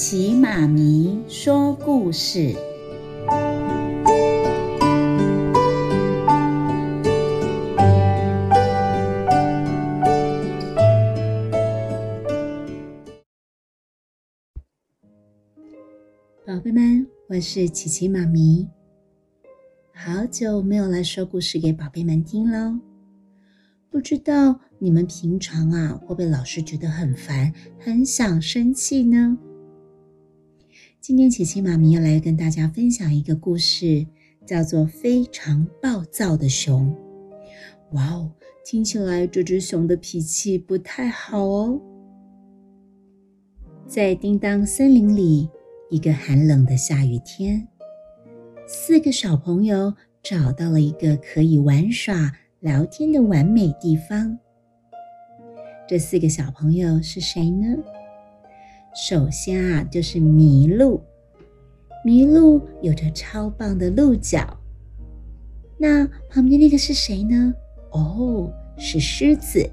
琪琪媽咪說故事，寶貝們，我是琪琪媽咪，好久沒有來說故事給寶貝們聽嘍。不知道你們平常啊會不會老是覺得很煩，很想生氣呢？今天琪琪媽咪要來跟大家分享一個故事，叫做《非常暴躁的熊》。哇哦，聽起來這隻熊的脾氣不太好哦。在叮噹森林裡，一個寒冷的下雨天，四個小朋友找到了一個可以玩耍、聊天的完美地方。這四個小朋友是誰呢？首先啊，就是麋鹿，麋鹿有着超棒的鹿角。那旁邊那個是誰呢？哦，是獅子。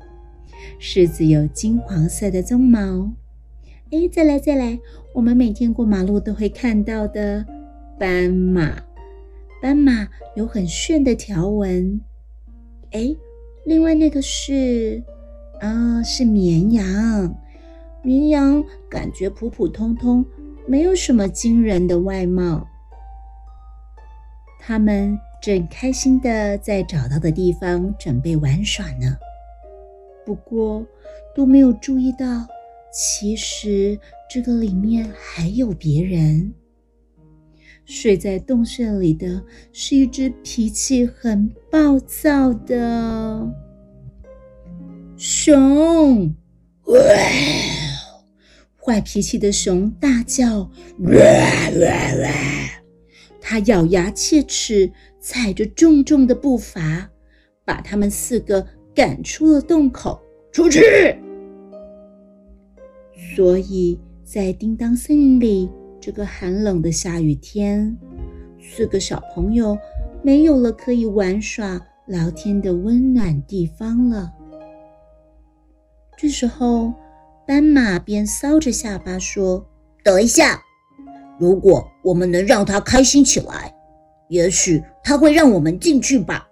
獅子有金黃色的鬃毛。哎，再來再來，我們每天過馬路都會看到的斑馬，斑馬有很炫的條紋。哎，另外那個是啊、哦，是綿羊。綿羊感覺普普通通，沒有什麼驚人的外貌。他們正開心地在找到的地方準備玩耍呢，不過都沒有注意到，其實這個裡面還有別人。睡在洞穴裡的是一隻脾氣很暴躁的熊。呃壞脾氣的熊大叫：“哇哇哇！”他咬牙切齒，踩着重重的步伐，把他們四個趕出了洞口。出去！所以在叮噹森林裡，這個寒冷的下雨天，四個小朋友沒有了可以玩耍、聊天的溫暖地方了。這時候。斑馬邊搔着下巴說：“等一下，如果我們能讓它開心起來，也許它會讓我們進去吧。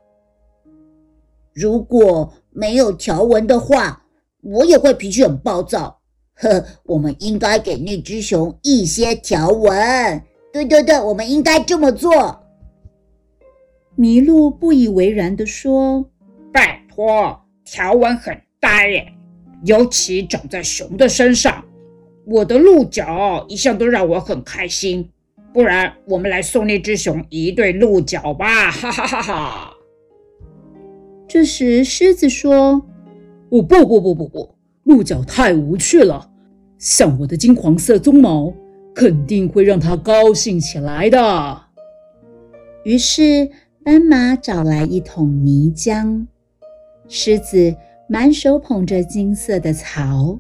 如果沒有條紋的話，我也會脾氣很暴躁。呵，我們應該給那隻熊一些條紋。對對對，我們應該這麼做。”麋鹿不以為然地說：“拜托，條紋很呆耶。”尤其長在熊的身上，我的鹿角一向都讓我很開心。不然，我們來送那只熊一對鹿角吧！哈哈哈哈。這時，獅子說：“我、哦、不不不不不，鹿角太無趣了，像我的金黃色鬃毛肯定會讓它高興起來的。”於是，斑馬找來一桶泥漿，獅子。滿手捧着金色的草，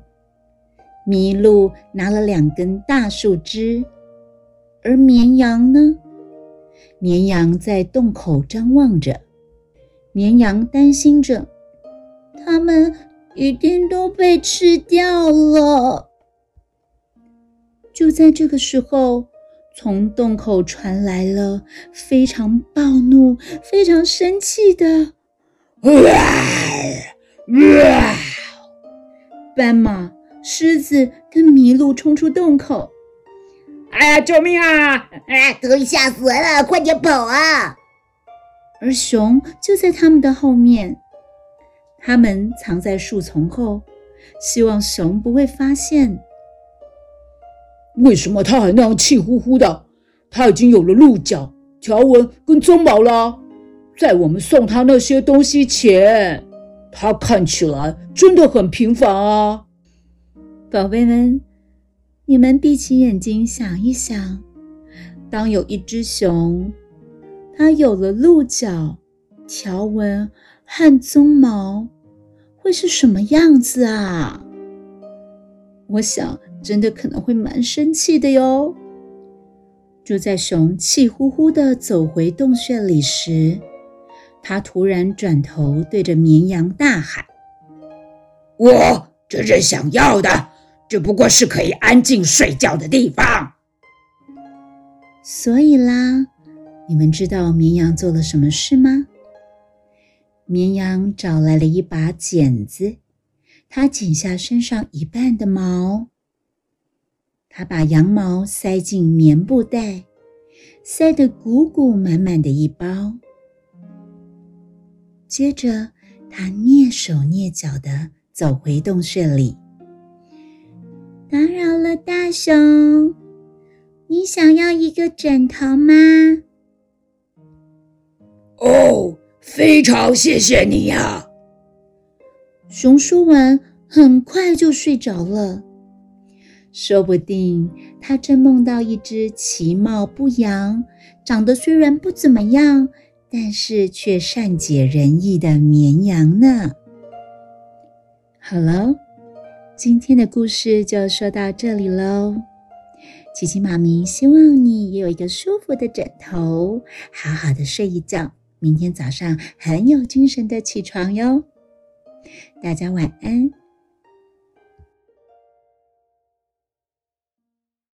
麋鹿拿了兩根大樹枝，而綿羊呢？綿羊在洞口張望着，綿羊擔心着，它們一定都被吃掉了。就在這個時候，從洞口傳來了非常暴怒、非常生氣的“哇、啊！”哇！呃、斑馬、獅子跟麋鹿衝出洞口，哎呀，救命啊！哎呀，都嚇死了，快點跑啊！而熊就在他們的後面，他們藏在樹叢後，希望熊不會發現。為什麼他還那樣氣呼呼的？他已經有了鹿角、條紋跟鬃毛了，在我們送他那些東西前。它看起來真的很平凡啊，寶貝們，你們閉起眼睛想一想，當有一隻熊，它有了鹿角、條紋和鬃毛，會是什麼樣子啊？我想，真的可能會蠻生氣的喲。就在熊氣呼呼的走回洞穴裡時。他突然轉頭對着綿羊大喊：“我真正想要的，只不過是可以安靜睡覺的地方。”所以啦，你們知道綿羊做了什麼事嗎？綿羊找來了一把剪子，他剪下身上一半的毛，他把羊毛塞進棉布袋，塞得鼓鼓滿滿的一包。接着，他躡手躡腳的走回洞穴裡。打擾了，大熊，你想要一個枕頭嗎？哦，非常謝謝你呀、啊！熊說完，很快就睡着了。說不定他正夢到一只其貌不揚，長得雖然不怎麼樣。但是卻善解人意的綿羊呢？好嘍，今天的故事就說到這裡嘍。琪琪媽咪希望你也有一個舒服的枕頭，好好的睡一覺，明天早上很有精神的起床喲。大家晚安。